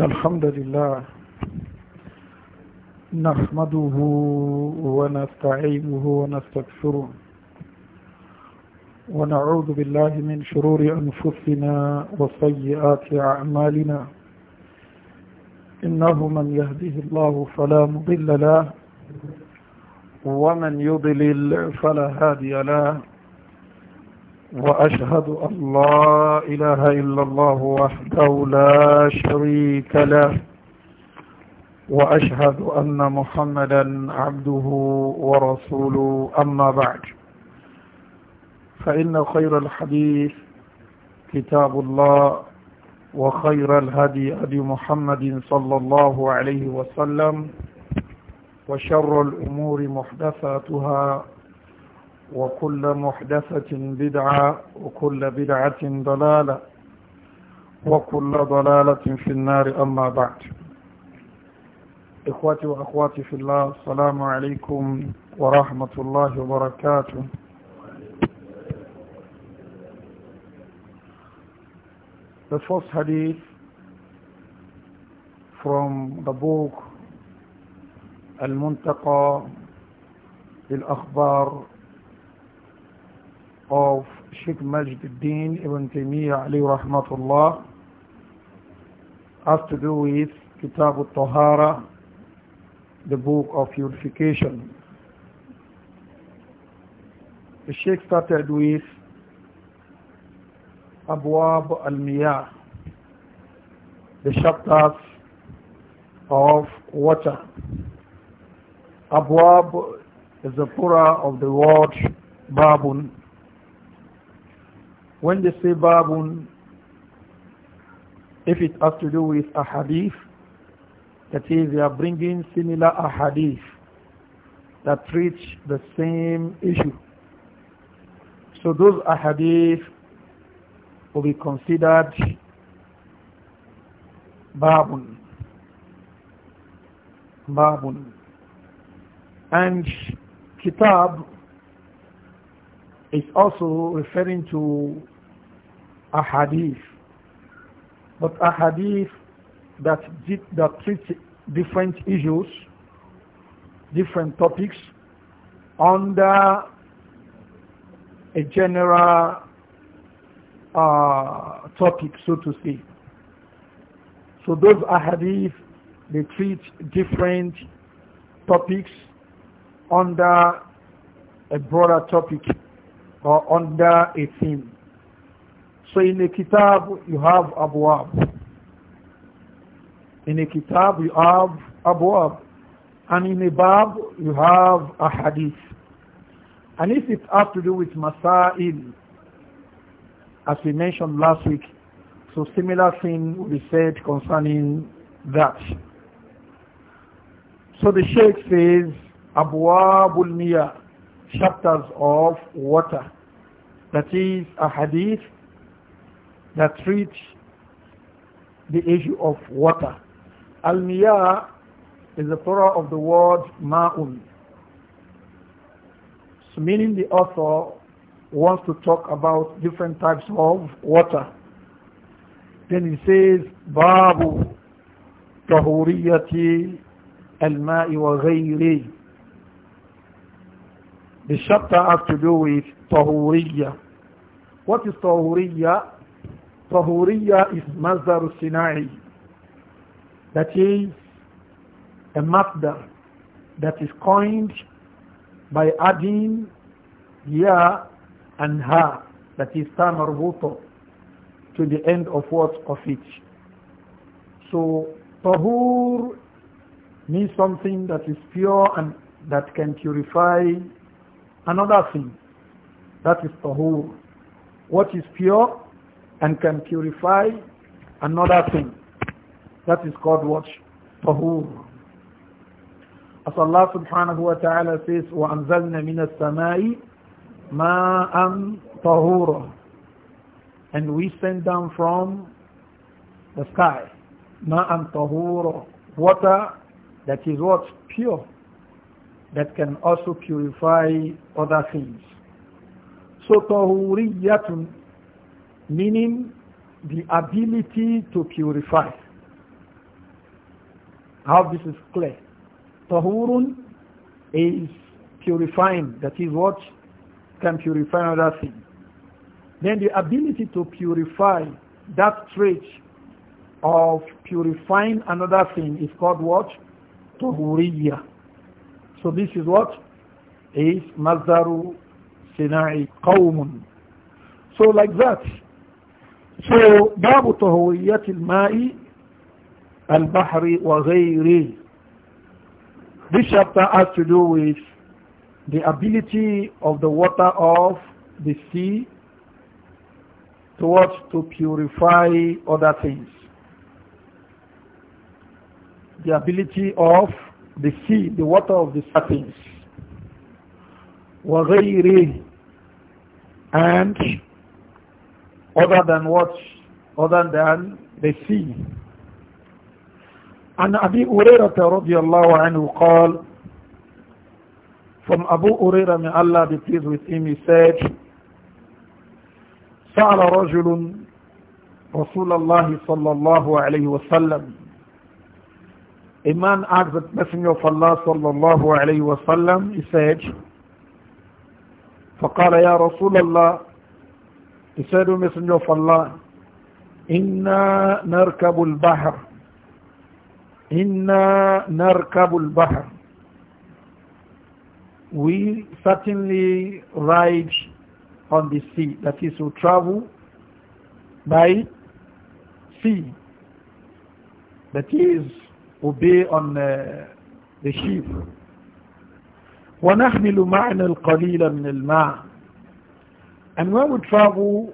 إن الحمد لله نحمده ونستعينه ونستكثره ونعوذ بالله من شرور أنفسنا وسيئات أعمالنا إنه من يهده الله فلا مضل له ومن يضلل فلا هادي له وأشهد أن لا إله إلا الله وحده لا شريك له وأشهد أن محمدا عبده ورسوله أما بعد فإن خير الحديث كتاب الله وخير الهدي أبي محمد صلى الله عليه وسلم وشر الأمور محدثاتها وكل محدثة بدعة وكل بدعة ضلالة وكل ضلالة في النار أما بعد إخواتي وأخواتي في الله السلام عليكم ورحمة الله وبركاته The first hadith from the book المنتقى akhbar of Sheikh Majduddin Ibn Taymiyyah Ali Rahmatullah has to do with Kitab al-Tahara, the book of purification. The Sheikh started with Abwab al-Miyah, the chapters of water. Abwab is the plural of the word Babun. When they say babun, if it has to do with a hadith, that is, they are bringing similar hadith that preach the same issue. So those hadith will be considered babun. Babun. And kitab is also referring to a hadith, but a hadith that, did, that treats different issues, different topics under a general uh, topic, so to say. So those ahadith, they treat different topics under a broader topic or under a theme. So in a kitab you have abwab. In a kitab you have abwab. And in a bab you have a hadith. And if it has to do with masail, as we mentioned last week, so similar thing will be said concerning that. So the Sheikh says, Abwabul Niyah chapters of water. That is a hadith that treats the issue of water. Al-Miyah is the plural of the word Ma'un. So meaning the author wants to talk about different types of water. Then he says, Babu Tahuriyati Al-Ma'i wa ghayri. The chapter has to do with Tahuriya. What is Tahuriya? Tahuriya is Mazdar Sinai. That is a Mazdar that is coined by adding Ya and Ha, that is Tamar Marbuto, to the end of words of it. So Tahur means something that is pure and that can purify Another thing, that is tahur. What is pure and can purify another thing. That is called what? Tahur. As Allah subhanahu wa ta'ala says, وَأَنزَلْنَا مِنَ السَّمَاءِ مَاءً طَهُورًا And we send down from the sky, مَاءً طَهُورًا Water that is what? Pure that can also purify other things. So tahuriyatun meaning the ability to purify. How this is clear. Tahurun is purifying, that is what can purify another thing. Then the ability to purify that trait of purifying another thing is called what? Tahuriyah. So this is what is Mazaru Sinai Qawmun. So like that. So باب al الماء wa وغيره. This chapter has to do with the ability of the water of the sea towards to purify other things. The ability of the sea, the water of the serpents. وَغَيْرِهِ And other than what? Other than the sea. عن أبي رضي الله عنه قال From Abu Huraira, may Allah be pleased with him, he said, سأل رجل رسول الله صلى الله عليه وسلم A man asked the Messenger of Allah sallallahu alayhi wa sallam, he said, فقال يا رسول الله he said the Messenger of Allah إنا نركب البحر إنا نركب البحر we certainly ride on the sea that is we travel by sea that is obey on uh, the sheep. ونحمل معنا القليل من الماء and when we travel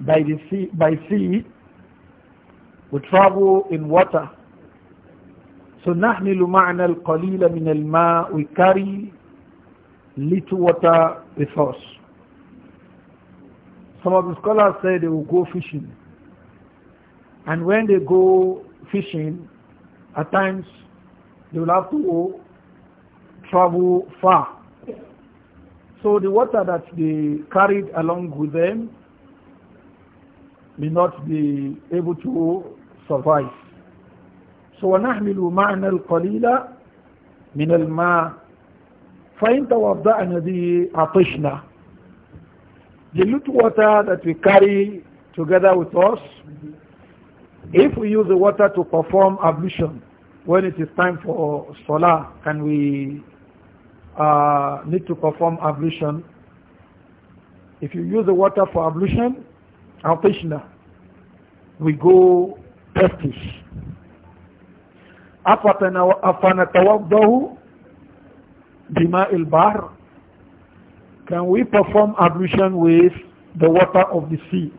by the sea by sea we travel in water so نحمل معنا القليل من الماء we carry little water with us some of the scholars say they will go fishing and when they go fishing, at times they will have to travel far. So the water that they carried along with them may not be able to survive. So ونحمل معنا القليل من الماء فإن توضأنا به عطشنا The little water that we carry together with us if we use the water to perform ablution when it is time for solar can we uh, need to perform ablution? If you use the water for ablution, our we go practice. dima بماء bar Can we perform ablution with the water of the sea?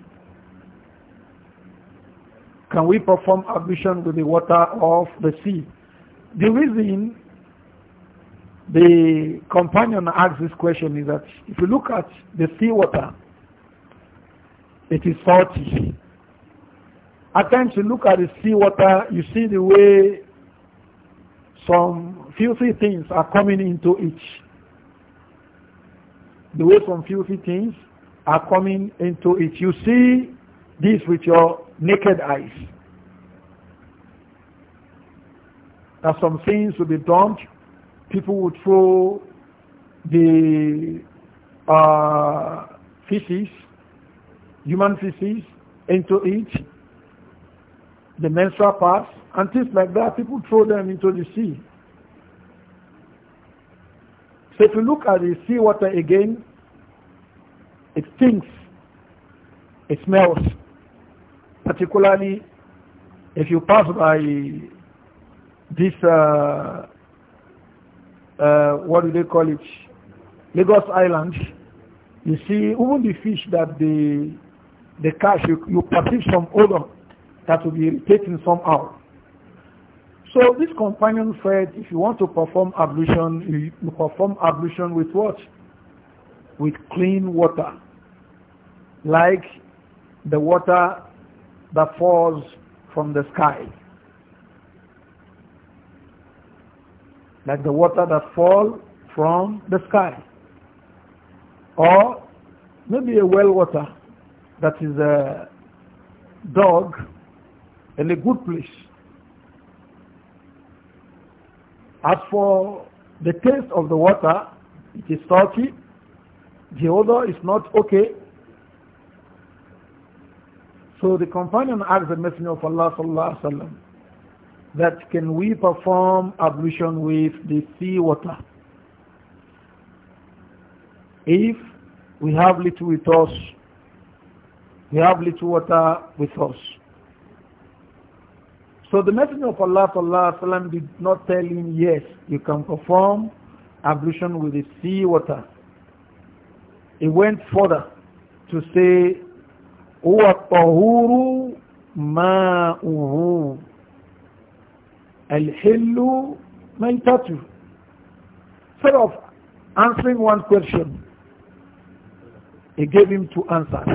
can we perform ablution with the water of the sea? The reason the companion asked this question is that if you look at the sea water, it is salty. At times you look at the sea water, you see the way some filthy things are coming into it. The way some filthy things are coming into it. You see this with your naked eyes. That some things will be dumped, people would throw the uh, feces, human feces, into it, the menstrual parts, and things like that. People throw them into the sea. So if you look at the sea water again, it stinks, it smells particularly if you pass by this, uh, uh, what do they call it, Lagos Island, you see even the fish that the, the catch, you, you perceive some odor that will be irritating somehow. So this companion said, if you want to perform ablution, you perform ablution with what? With clean water. Like the water that falls from the sky. Like the water that falls from the sky. Or maybe a well water that is a dog in a good place. As for the taste of the water, it is salty. The odor is not okay. So the companion asked the Messenger of Allah sallallahu that can we perform ablution with the sea water? If we have little with us, we have little water with us. So the Messenger of Allah sallallahu alaihi wasallam did not tell him yes, you can perform ablution with the sea water. He went further to say هو الطهور tahuru ma'uhu al-hillu maytatuhu instead of answering one question he gave him two answers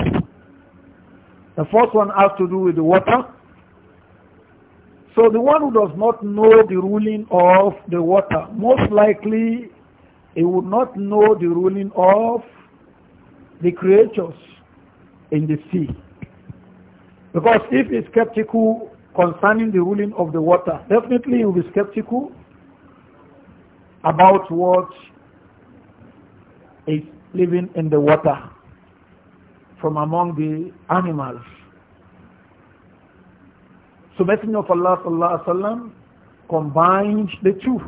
the first one has to do with the water so the one who does not know the ruling of the water, most likely he would not know the ruling of the creatures in the sea. Because if he's skeptical concerning the ruling of the water, definitely he will be skeptical about what is living in the water from among the animals. So Messenger of Allah sallallahu alaihi wasallam combined the two.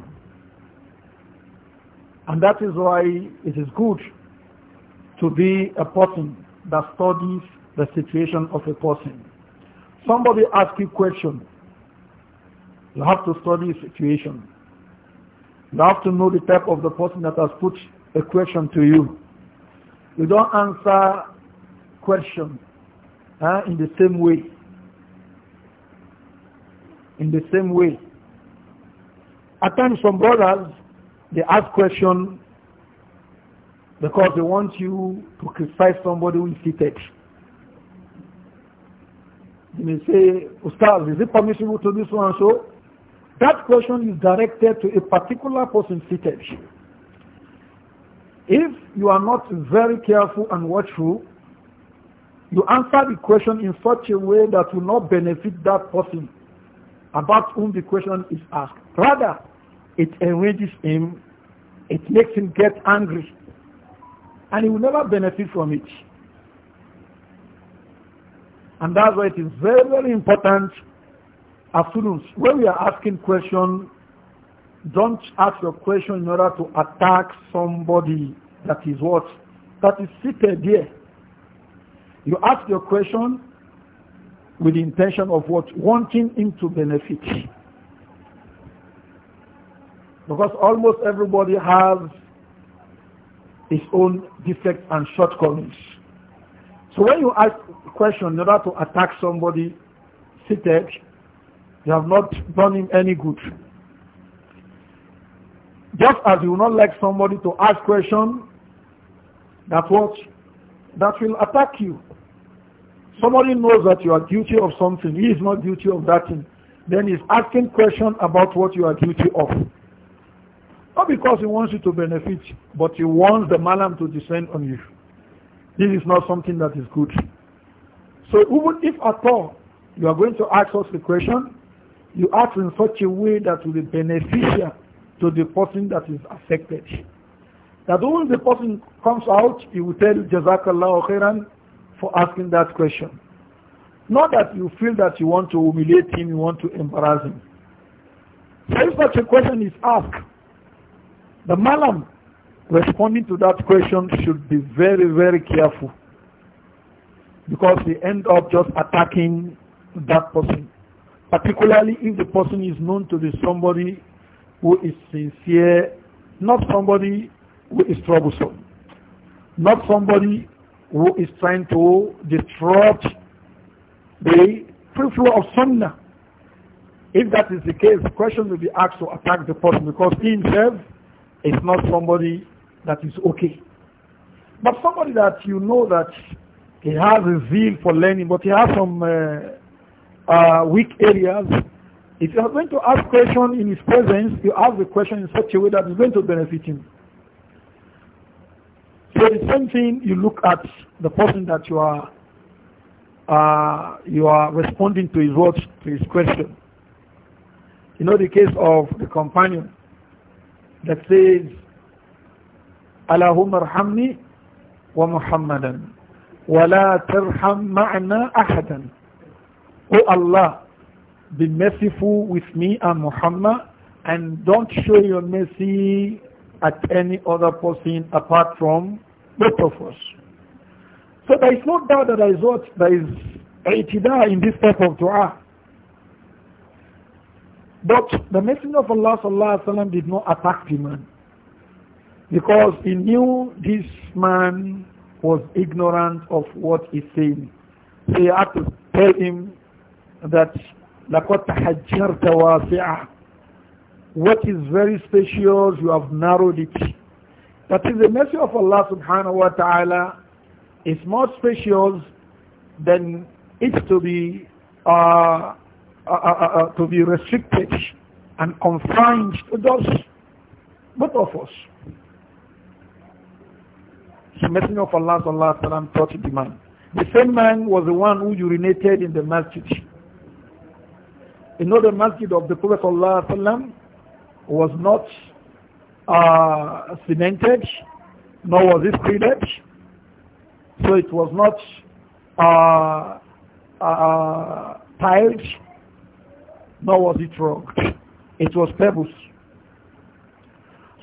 And that is why it is good to be a person that studies the situation of a person. Somebody asks you a question. You have to study the situation. You have to know the type of the person that has put a question to you. You don't answer question uh, in the same way. In the same way. At times some brothers, they ask question because they want you to criticize somebody who is seated. They may say, Ustaz, is it permissible to do so and so? That question is directed to a particular person seated. If you are not very careful and watchful, you answer the question in such a way that will not benefit that person about whom the question is asked. Rather, it enrages him, it makes him get angry, and he will never benefit from it. And that's why it is very, very important as students, when we are asking questions, don't ask your question in order to attack somebody that is what? That is seated there. You ask your question with the intention of what? Wanting him to benefit. Because almost everybody has his own defects and shortcomings. So when you ask a question in order to attack somebody seated, you have not done him any good. Just as you will not like somebody to ask question, that what? That will attack you. Somebody knows that you are guilty of something. He is not guilty of that thing. Then he's asking question about what you are guilty of. Not because he wants you to benefit, but he wants the malam to descend on you. This is not something that is good. So even if at all you are going to ask us a question, you ask in such a way that will be beneficial to the person that is affected. That when the person comes out, he will tell Jazakallah khairan for asking that question. Not that you feel that you want to humiliate him, you want to embarrass him. So if such a question is asked, the malam responding to that question should be very, very careful because they end up just attacking that person. Particularly if the person is known to be somebody who is sincere, not somebody who is troublesome, not somebody who is trying to disrupt the free flow of sunnah. If that is the case, the question will be asked to attack the person because he himself is not somebody that is okay. But somebody that you know that he has a zeal for learning, but he has some uh, uh, weak areas, if you are going to ask question in his presence, you ask the question in such a way that is going to benefit him. So the same thing you look at the person that you are uh, you are responding to his words, to his question. You know the case of the companion that says, Allahumma arhamni wa Muhammadan wa la tarham ma'na ahadan. O Allah, be merciful with me and Muhammad and don't show your mercy at any other person apart from both of us. So there is no doubt that there is what there is itida in this type of dua. But the Messenger of Allah sallallahu did not attack the man because he knew this man was ignorant of what he saying. So he had to tell him that لَقَدْ تَحَجَّرْتَ وَاسِعَةً What is very spacious, you have narrowed it. That is the mercy of Allah subhanahu wa ta'ala is more spacious than it to be uh, uh uh, uh, uh, to be restricted and confined to just both of us. The Messenger of Allah sallallahu alaihi wasallam taught the man. The same man was the one who urinated in the masjid. You know the masjid of the Prophet sallallahu alaihi wasallam was not uh, cemented, nor was it created. So it was not uh, uh, uh tiled nor was it wrong. It was pebbles.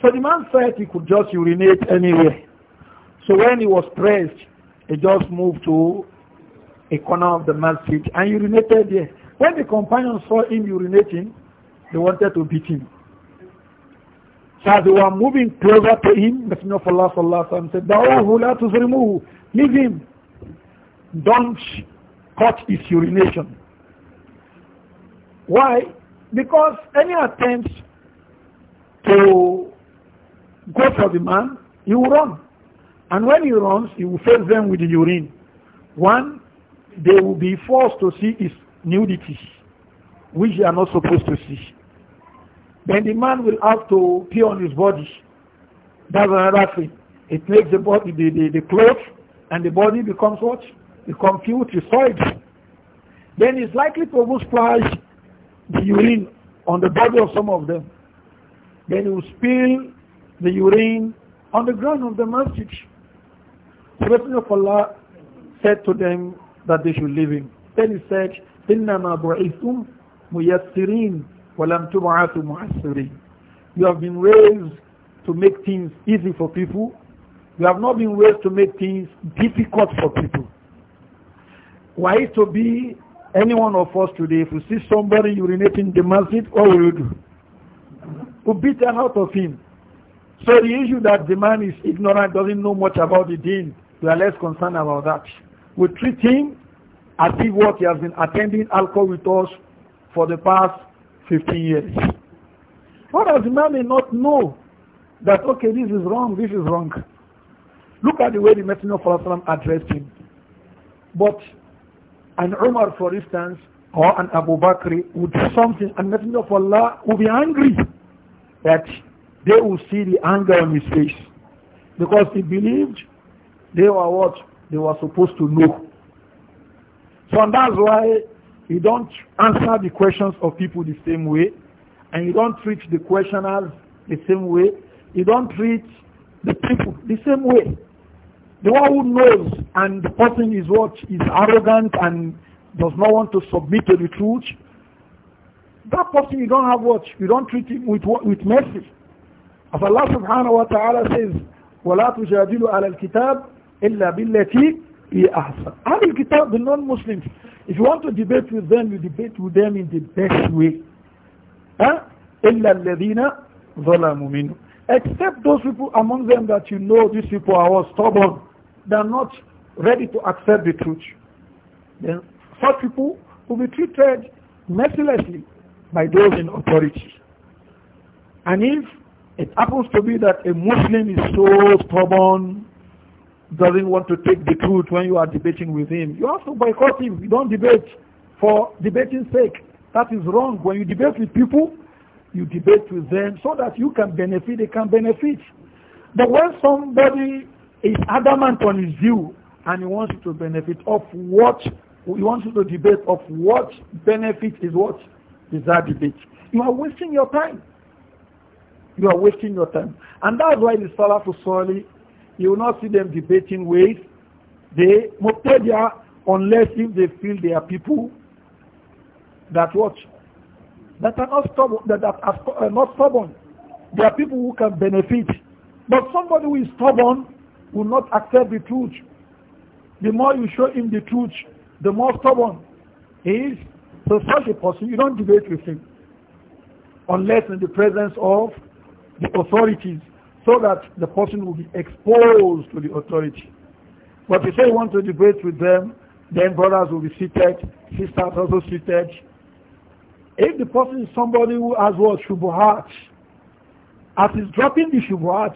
So the man said he could just urinate anywhere. So when he was pressed, he just moved to a corner of the masjid and urinated there. When the companions saw him urinating, they wanted to beat him. So as they were moving closer to him, Messenger of Allah sallallahu said, wa said, Da'uhu to remove, Leave him. Don't cut his urination. Why? Because any attempt to go for the man, he will run. And when he runs, he will face them with the urine. One, they will be forced to see his nudity, which they are not supposed to see. Then the man will have to pee on his body. That's another thing. It makes the body, the, the, the clothes and the body becomes what? Become putrid. Then it's likely to cause splash the urine on the body of some of them. Then he will spill the urine on the ground of the masjid. The Messenger of Allah said to them that they should leave him. Then he said, إِنَّمَا بُعِثْتُمْ مُيَسِّرِينَ وَلَمْ تُبْعَثُوا مُعَسِّرِينَ You have been raised to make things easy for people. You have not been raised to make things difficult for people. Why to be any one of us today, if we see somebody urinating in the masjid, what will we do? We'll beat them out of him. So the issue that the man is ignorant, doesn't know much about the deen, we are less concerned about that. We treat him as if what he has been attending alcohol with us for the past 15 years. What does the man may not know that, okay, this is wrong, this is wrong. Look at the way the Messenger of Allah addressed him. But an Umar, for instance, or an Abu Bakr would do something and Messenger of Allah would be angry that they would see the anger on his face because he believed they were what they were supposed to know. So and that's why you don't answer the questions of people the same way and you don't treat the questioners the same way. You don't treat the people the same way. The one who knows and the person is what is arrogant and does not want to submit to the truth, that person you don't have what? You don't treat him with, with mercy. As Allah subhanahu wa ta'ala says, وَلَا تُجَادِلُوا عَلَى الْكِتَابِ إِلَّا بِالَّتِي هِيَ أَحْسَنُ Ahlul Kitab, the non-Muslims, if you want to debate with them, you debate with them in the best way. إِلَّا الَّذِينَ ظَلَمُوا مِنْهُ Except those people among them that you know these people are stubborn they are not ready to accept the truth, then such people will be treated mercilessly by those in authority. And if it happens to be that a Muslim is so stubborn, doesn't want to take the truth when you are debating with him, you have to boycott him. You don't debate for debating sake. That is wrong. When you debate with people, you debate with them so that you can benefit, they can benefit. But when somebody is adamant on his view and he wants to benefit of what he wants to debate of what benefit is what is that debate. You are wasting your time. You are wasting your time. And that's why the Salah Sali, you will not see them debating ways. They Muqtadiya unless if they feel they are people that watch that are not stubborn that are uh, not stubborn. There are people who can benefit. But somebody who is stubborn will not accept the truth. The more you show him the truth, the more stubborn he is. So such a person, you don't debate with him unless in the presence of the authorities so that the person will be exposed to the authority. But if you want to debate with them, then brothers will be seated, sisters also seated. If the person is somebody who has what shubuhat, as he's dropping the shubuhat,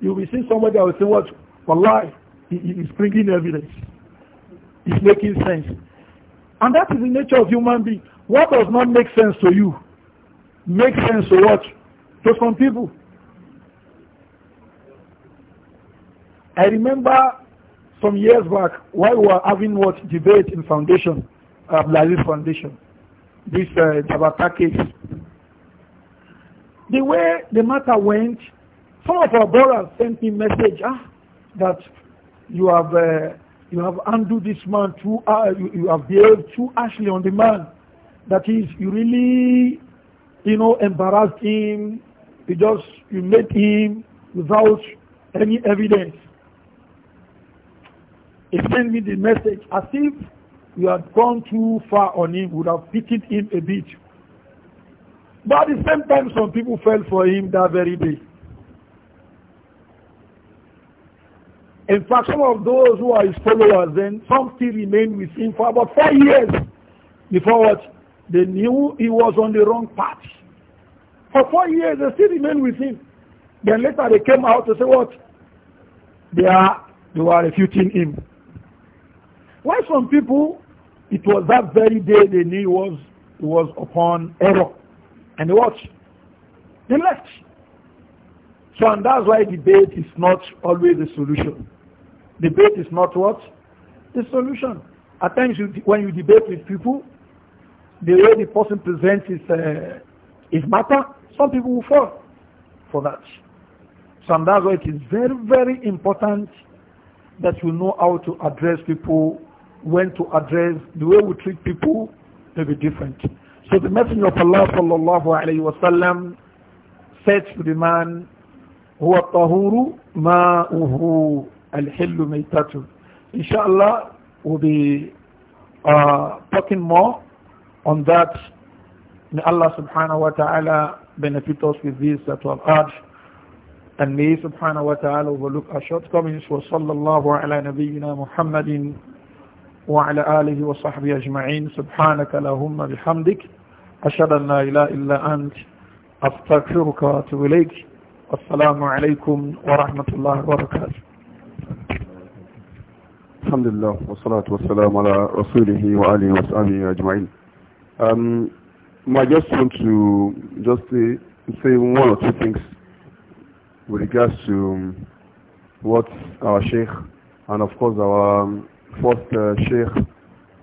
you'll be seeing somebody that will say what Wallahi, he is bringing evidence. It's making sense. And that is the nature of human being. What does not make sense to you makes sense to what? To some people. I remember some years back while we were having what debate in foundation, Abdulaziz um, uh, Foundation, this uh, case. The way the matter went, some of our brothers sent me message, ah, that you have uh, you have undone this man too uh, you, you, have behaved too harshly on the man that is you really you know embarrassed him you just you made him without any evidence he sent me the message as if you had gone too far on him would have pitied him a bit but at the same time some people fell for him that very day In fact, some of those who are his followers then, some still remained with him for about four years before what? They knew he was on the wrong path. For four years, they still remained with him. Then later they came out to say what? They are, they were refuting him. Why some people, it was that very day they knew he was, he was upon error. And they watched. They left. So and that's why debate is not always the solution. Debate is not what? The solution. At times you, when you debate with people, the way the person presents his, uh, his matter, some people will fall for that. So that's why it is very, very important that you know how to address people, when to address, the way we treat people may be different. So the Messenger of Allah sallallahu alayhi wa sallam said to the man, هو الطهور ماؤه الحل ميتته إن شاء الله we'll be uh, talking more on that. May Allah subhanahu wa ta'ala benefit us with this that we have heard. And may subhanahu wa ta'ala overlook our shortcomings. Wa sallallahu ala nabiyyina Muhammadin wa ala alihi wa sahbihi ajma'in. Subhanaka lahumma bihamdik. أشهد أن لا إله إلا أنت أستغفرك وأتوب إليك والسلام عليكم ورحمة الله وبركاته الحمد لله والصلاة والسلام على رسوله وآله وصحبه أجمعين um, I just want to just say, say one or two things with regards to um, what our Sheikh and of course our um, first uh, Sheikh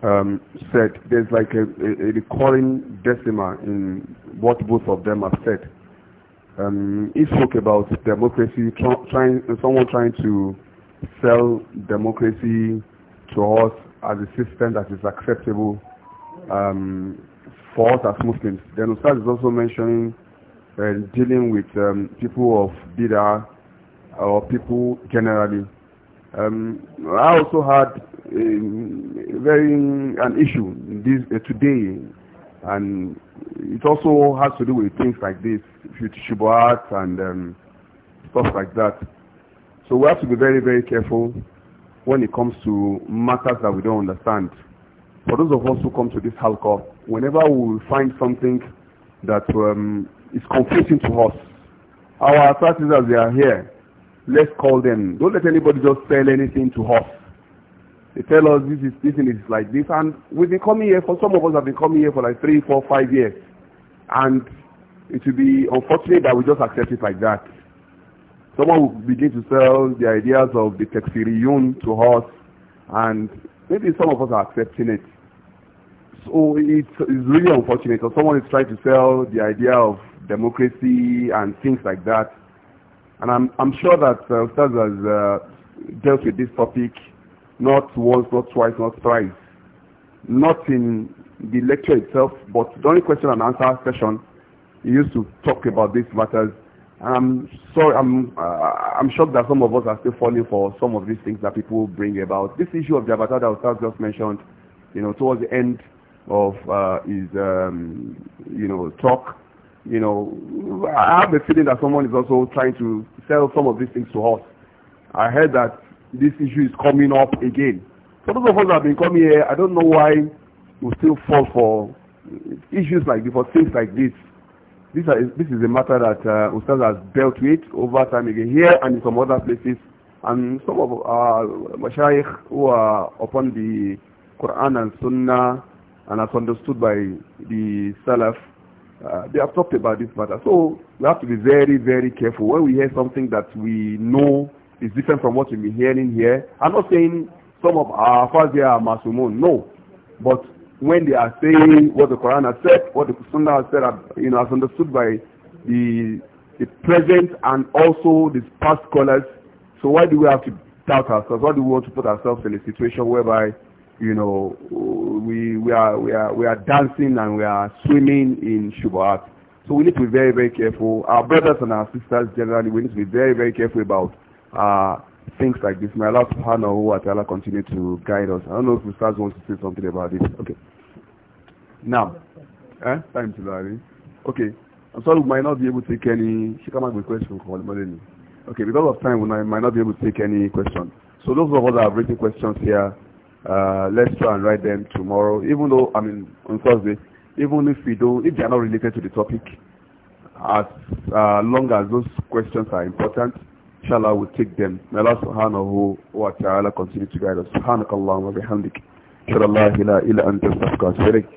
um, said. There's like a, a, a recurring decimal in what both of them have said. Um, he spoke about democracy, trying, someone trying to sell democracy to us as a system that is acceptable um, for us as Muslims. Then Ustaz is also mentioning uh, dealing with um, people of Bida or people generally. Um, I also had a, very an issue this, uh, today, and it also has to do with things like this, with shubuhat and um, stuff like that. So we have to be very, very careful when it comes to matters that we don't understand. For those of us who come to this halqa, whenever we find something that um, is confusing to us, our as they are here. Let's call them. Don't let anybody just sell anything to us. They tell us this is this is like this, and we've been coming here for some of us have been coming here for like three, four, five years, and it will be unfortunate that we just accept it like that. Someone will begin to sell the ideas of the Tekfiriyun to us, and maybe some of us are accepting it. So it's, it's really unfortunate. Or someone is trying to sell the idea of democracy and things like that. And I'm, I'm sure that uh, Ustaz has uh, dealt with this topic not once, not twice, not thrice. Not in the lecture itself, but during question and answer session, he used to talk about these matters I'm um, sorry, I'm, uh, I'm shocked that some of us are still falling for some of these things that people bring about. This issue of the avatar that Ustaz just mentioned, you know, towards the end of uh, his, um, you know, talk, you know, I have a feeling that someone is also trying to sell some of these things to us. I heard that this issue is coming up again. For those of us that have been coming here, I don't know why we still fall for issues like this, for things like this. This, are, this is a matter that uh, Ustaz has dealt with over time again here and in some other places. And some of our mashayikh who are upon the Quran and Sunnah and as understood by the Salaf, uh, they have talked about this matter. So we have to be very, very careful when we hear something that we know is different from what we've been hearing here. I'm not saying some of our fathers are masumun, no. But when they are saying what the Quran has said, what the Sunnah has said, uh, you know, as understood by the, the present and also the past scholars. So why do we have to doubt ourselves? Why do we want to put ourselves in a situation whereby, you know, we, we, are, we, are, we are dancing and we are swimming in Shubahat? So we need to be very, very careful. Our brothers and our sisters generally, we need to be very, very careful about uh, things like this. May Allah subhanahu wa ta'ala continue to guide us. I don't know if Ustaz wants to say something about this. Okay. Now, eh? time to Larry. Okay. I'm sorry we might not be able to take any she come up with question for Okay, because of time we might not be able to take any question. So those of us that have written questions here, uh, let's try and write them tomorrow. Even though I mean on Thursday, even if we don't if they are not related to the topic, as uh, long as those questions are important, inshallah we'll take them. May Allah subhanahu wa ta'ala continue to guide us. Subhanakallahumma bihamdik. Shadallah ila ila anta astaghfiruka